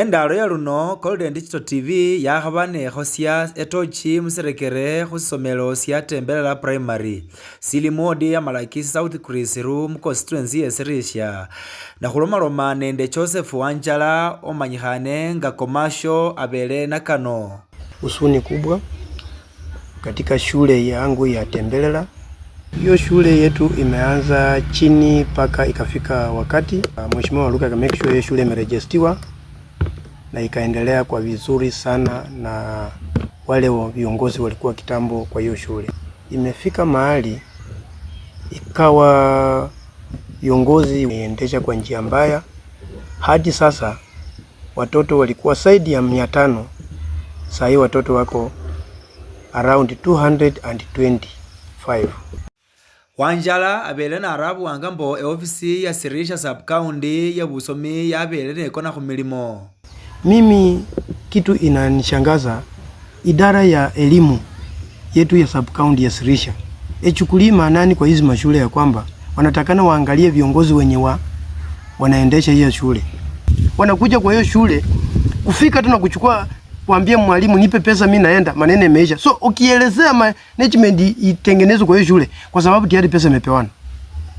endaalo yaluno golden digital tv yakhabanekhosya etochi musirekere khusisomelo syatembelela primary sili muwodi yamalaki south crisiru muconstituency yesirisha nakhulomaloma nende joseph wanjala omanyikhane nga komasho abele nakano usuni kubwa katika shule yangu ya tembelela hiyo shule yetu imeanza chini mpaka ikafika wakati mheshimiwa waluka aka make shule imerejestiwa na ikaendelea kwa vizuri sana, na wale viongozi walikuwa kitambo. Kwa hiyo shule imefika mahali ikawa viongozi waendesha kwa njia mbaya. Hadi sasa watoto walikuwa zaidi ya mia tano, saa hii watoto wako around 225. wanjala na arabu wanga mbo eofisi ya sub county ya busomi yabeleneko na khumilimo mimi kitu inanishangaza, idara ya elimu yetu ya subkaunti ya Sirisha ichukulii maanani kwa hizi mashule ya kwamba wanatakana waangalie viongozi wenye wa wanaendesha hiyo shule, wanakuja kwa hiyo shule kufika tu na kuchukua kuambia mwalimu nipe pesa, mimi naenda, maneno yameisha. So ukielezea management itengenezwe kwa hiyo shule, kwa sababu tayari pesa imepewana,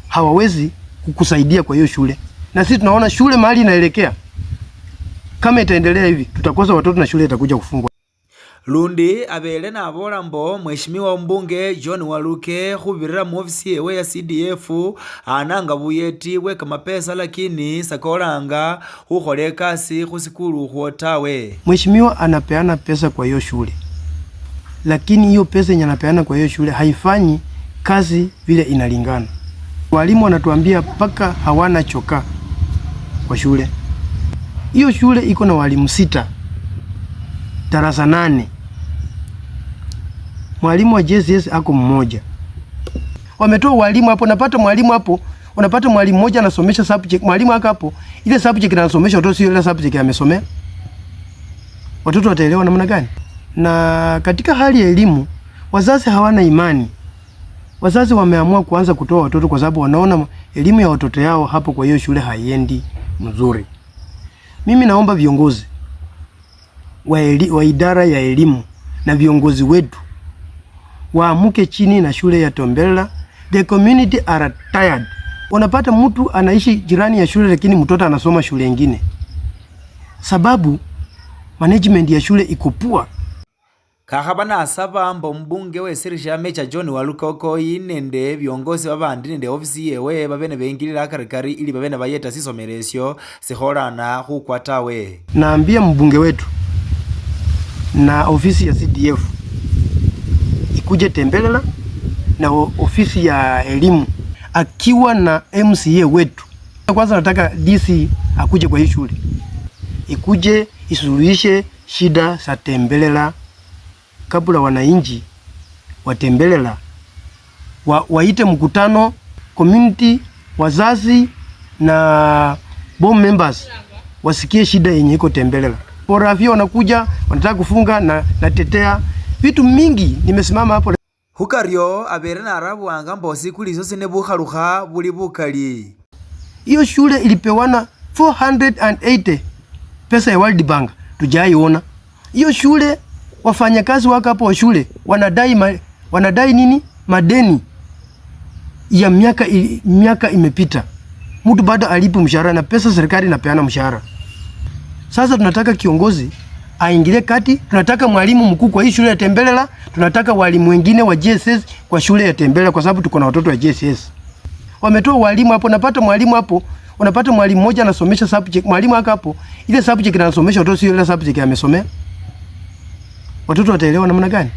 hawawezi kukusaidia kwa hiyo shule, na sisi tunaona shule mahali inaelekea kama itaendelea hivi, tutakosa watoto na shule itakuja kufungwa. Lundi abele nabola mbo mheshimiwa mbunge John Waluke khubirira ofisi yewe ya CDF ananga buyeti bwe kamapesa lakini sakolanga khukhola ekasi khusikulu ukhwo tawe. Mweshimiwa anapeana pesa kwa hiyo shule, lakini hiyo pesa yenye anapeana kwa hiyo shule haifanyi kazi vile inalingana. Walimu wanatuambia mpaka hawana choka kwa shule. Hiyo shule iko na walimu sita, darasa nane, mwalimu wa JSS ako mmoja. Wametoa walimu hapo, napata mwalimu hapo, unapata mwalimu mmoja anasomesha subject, mwalimu aka hapo, ile subject anasomesha watoto sio ile subject amesomea. Watoto wataelewa namna gani? Na katika hali ya elimu, wazazi hawana imani. Wazazi wameamua kuanza kutoa watoto kwa sababu wanaona elimu ya watoto yao hapo, kwa hiyo shule haiendi mzuri. Mimi naomba viongozi wa, eli, wa idara ya elimu na viongozi wetu waamuke chini na shule ya Tombela. The community are tired. Unapata mtu anaishi jirani ya shule lakini mtoto anasoma shule nyingine, sababu management ya shule iko kakhava mbo mbunge ombunge weesirisha meja john walukokoi nende viongosi vavandi nende ofisi yewe vavene veingilila akarikari ili vavene vayeta sisomelo esyo sikholana khukwa tawe naambia mbunge wetu na ofisi ya CDF ikuje tembelela na ofisi ya elimu akiwa na MCA wetu. Kwanza nataka DC akuje kwa hii shule, ikuje isuluhishe shida za tembelela kabla wananchi watembelela wa, waite mkutano community, wazazi na board members wasikie shida yenye iko Tembelela. Porafia wanakuja wanataka kufunga na natetea vitu mingi, nimesimama hapo hukaryo abere narabuwanga mbosi kulisosi ne bukhalukha buli bukali. Hiyo shule ilipewana 480 pesa ya World Bank tujaiona hiyo shule wafanyakazi wako hapo shule wanadai ma, wanadai nini? Madeni ya miaka miaka imepita, mtu bado alipi mshahara na pesa serikali inapeana mshahara. Sasa tunataka kiongozi aingilie kati, tunataka mwalimu mkuu kwa hii shule ya Tembelela, tunataka walimu wengine wa JSS kwa shule ya Tembelela kwa sababu tuko na watoto wa JSS. Wametoa walimu hapo, napata mwalimu hapo, unapata mwalimu mmoja anasomesha subject, mwalimu hapo, ile subject anasomesha watoto sio ile subject amesomea watoto wataelewa namna gani?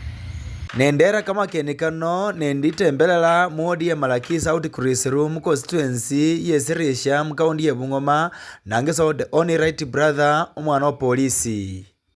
nendera kamakeni kano nenditembelela modi ya malaki south crisiru muconstituency yesirisha mukaundi ya bungoma nangeso the only right brother omwana wa polisi